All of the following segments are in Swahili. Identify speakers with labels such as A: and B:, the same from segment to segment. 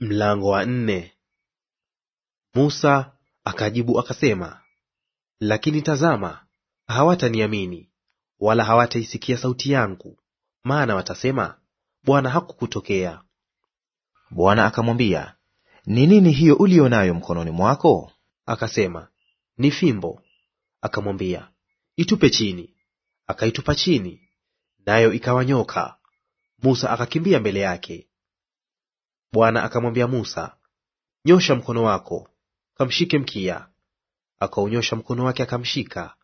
A: Mlango wa nne. Musa akajibu akasema, lakini tazama, hawataniamini wala hawataisikia sauti yangu, maana watasema, Bwana hakukutokea. Bwana akamwambia, ni nini hiyo uliyo nayo mkononi mwako? Akasema, ni fimbo. Akamwambia, itupe chini. Akaitupa chini, nayo ikawa nyoka. Musa akakimbia mbele yake. Bwana akamwambia Musa, nyosha mkono wako kamshike mkia. Akaunyosha mkono wake akamshika,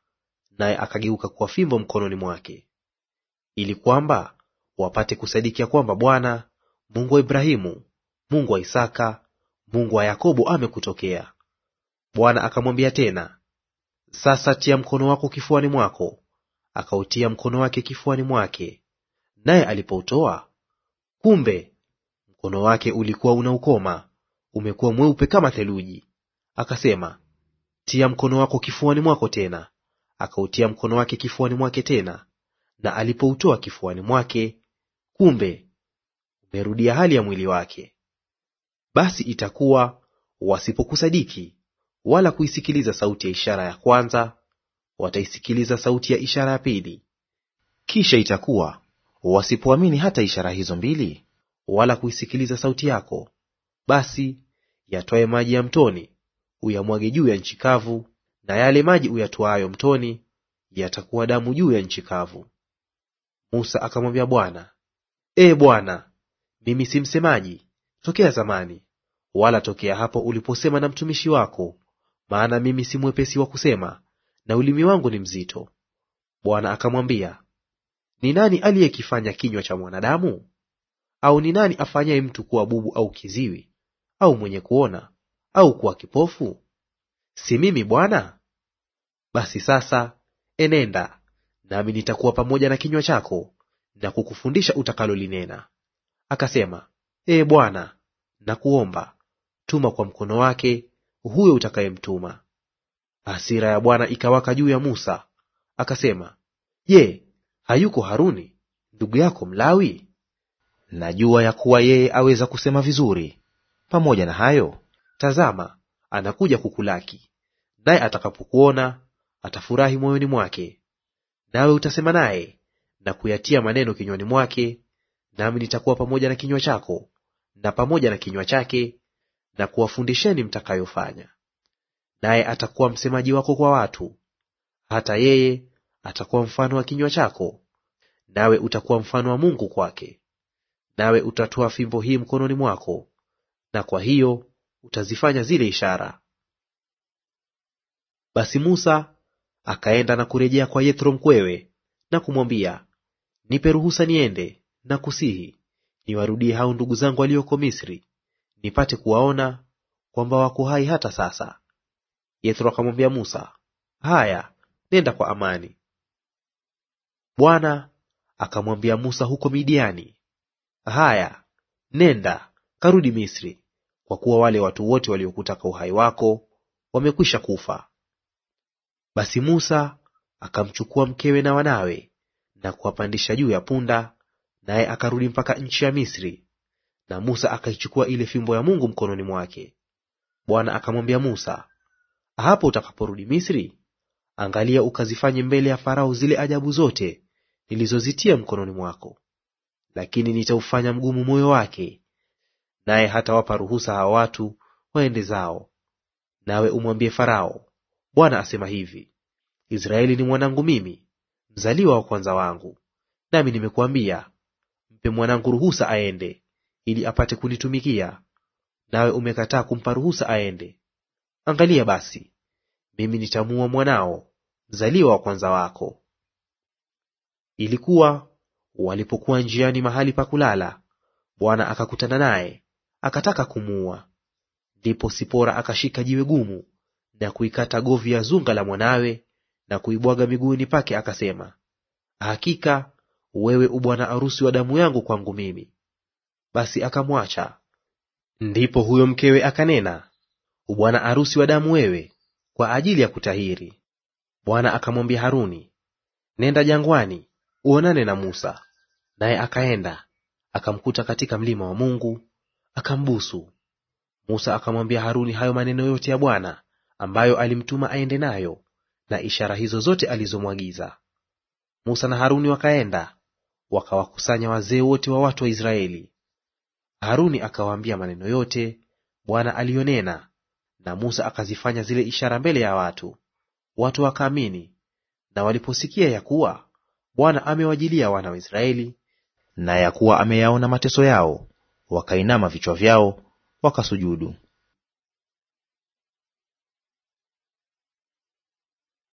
A: naye akageuka kuwa fimbo mkononi mwake, ili kwamba wapate kusadiki ya kwamba Bwana Mungu wa Ibrahimu, Mungu wa Isaka, Mungu wa Yakobo amekutokea. Bwana akamwambia tena, sasa tia mkono wako kifuani mwako. Akautia mkono wake kifuani mwake, naye alipoutoa, kumbe Mkono wake ulikuwa unaukoma, umekuwa mweupe kama theluji. Akasema, tia mkono wako kifuani mwako tena. Akautia mkono wake kifuani mwake tena, na alipoutoa kifuani mwake, kumbe umerudia hali ya mwili wake. Basi itakuwa wasipokusadiki wala kuisikiliza sauti ya ishara ya kwanza, wataisikiliza sauti ya ishara ya pili. Kisha itakuwa wasipoamini hata ishara hizo mbili, wala kuisikiliza sauti yako, basi yatwaye maji ya mtoni uyamwage juu ya nchi kavu, na yale maji uyatwaayo mtoni yatakuwa damu juu ya nchi kavu. Musa akamwambia Bwana, E Bwana, mimi si msemaji tokea zamani, wala tokea hapo uliposema na mtumishi wako, maana mimi si mwepesi wa kusema, na ulimi wangu ni mzito. Bwana akamwambia, ni nani aliyekifanya kinywa cha mwanadamu? Au ni nani afanyaye mtu kuwa bubu au kiziwi au mwenye kuona au kuwa kipofu? Si mimi Bwana? Basi sasa enenda, nami nitakuwa pamoja na kinywa chako na kukufundisha utakalolinena. Akasema, e Bwana, nakuomba tuma kwa mkono wake huyo utakayemtuma. Hasira ya Bwana ikawaka juu ya Musa, akasema, Je, hayuko Haruni ndugu yako Mlawi? Najua ya kuwa yeye aweza kusema vizuri. Pamoja na hayo, tazama, anakuja kukulaki, naye atakapokuona atafurahi moyoni mwake. Nawe utasema naye na kuyatia maneno kinywani mwake, nami nitakuwa pamoja na kinywa chako na pamoja na kinywa chake, na kuwafundisheni mtakayofanya. Naye atakuwa msemaji wako kwa watu, hata yeye atakuwa mfano wa kinywa chako, nawe utakuwa mfano wa Mungu kwake nawe utatoa fimbo hii mkononi mwako, na kwa hiyo utazifanya zile ishara. Basi Musa akaenda na kurejea kwa Yethro mkwewe na kumwambia, nipe ruhusa niende na kusihi niwarudie hao ndugu zangu walioko Misri, nipate kuwaona kwamba wako hai hata sasa. Yethro akamwambia Musa, haya, nenda kwa amani. Bwana akamwambia Musa huko Midiani, Haya, nenda karudi Misri, kwa kuwa wale watu wote waliokutaka uhai wako wamekwisha kufa. Basi Musa akamchukua mkewe na wanawe na kuwapandisha juu ya punda, naye akarudi mpaka nchi ya Misri. Na Musa akaichukua ile fimbo ya Mungu mkononi mwake. Bwana akamwambia Musa, hapo utakaporudi Misri, angalia ukazifanye mbele ya Farao zile ajabu zote nilizozitia mkononi mwako lakini nitaufanya mgumu moyo wake, naye hatawapa ruhusa hawa watu waende zao. Nawe umwambie Farao, Bwana asema hivi, Israeli ni mwanangu mimi, mzaliwa wa kwanza wangu, nami nimekuambia, mpe mwanangu ruhusa aende, ili apate kunitumikia, nawe umekataa kumpa ruhusa aende. Angalia basi, mimi nitamuua mwanao, mzaliwa wa kwanza wako. Ilikuwa Walipokuwa njiani mahali pa kulala, Bwana akakutana naye, akataka kumuua. Ndipo Sipora akashika jiwe gumu na kuikata govi ya zunga la mwanawe na kuibwaga miguuni pake, akasema, hakika wewe ubwana arusi wa damu yangu kwangu mimi. Basi akamwacha. Ndipo huyo mkewe akanena, ubwana arusi wa damu wewe kwa ajili ya kutahiri. Bwana akamwambia Haruni, nenda jangwani uonane na Musa. Naye akaenda akamkuta katika mlima wa Mungu, akambusu. Musa akamwambia Haruni hayo maneno yote ya Bwana ambayo alimtuma aende nayo, na ishara hizo zote alizomwagiza. Musa na Haruni wakaenda wakawakusanya wazee wote wa watu wa Israeli. Haruni akawaambia maneno yote Bwana aliyonena, na Musa akazifanya zile ishara mbele ya watu. Watu wakaamini, na waliposikia ya kuwa Bwana amewajilia wana wa Israeli, na ya kuwa ameyaona mateso yao, wakainama vichwa vyao wakasujudu.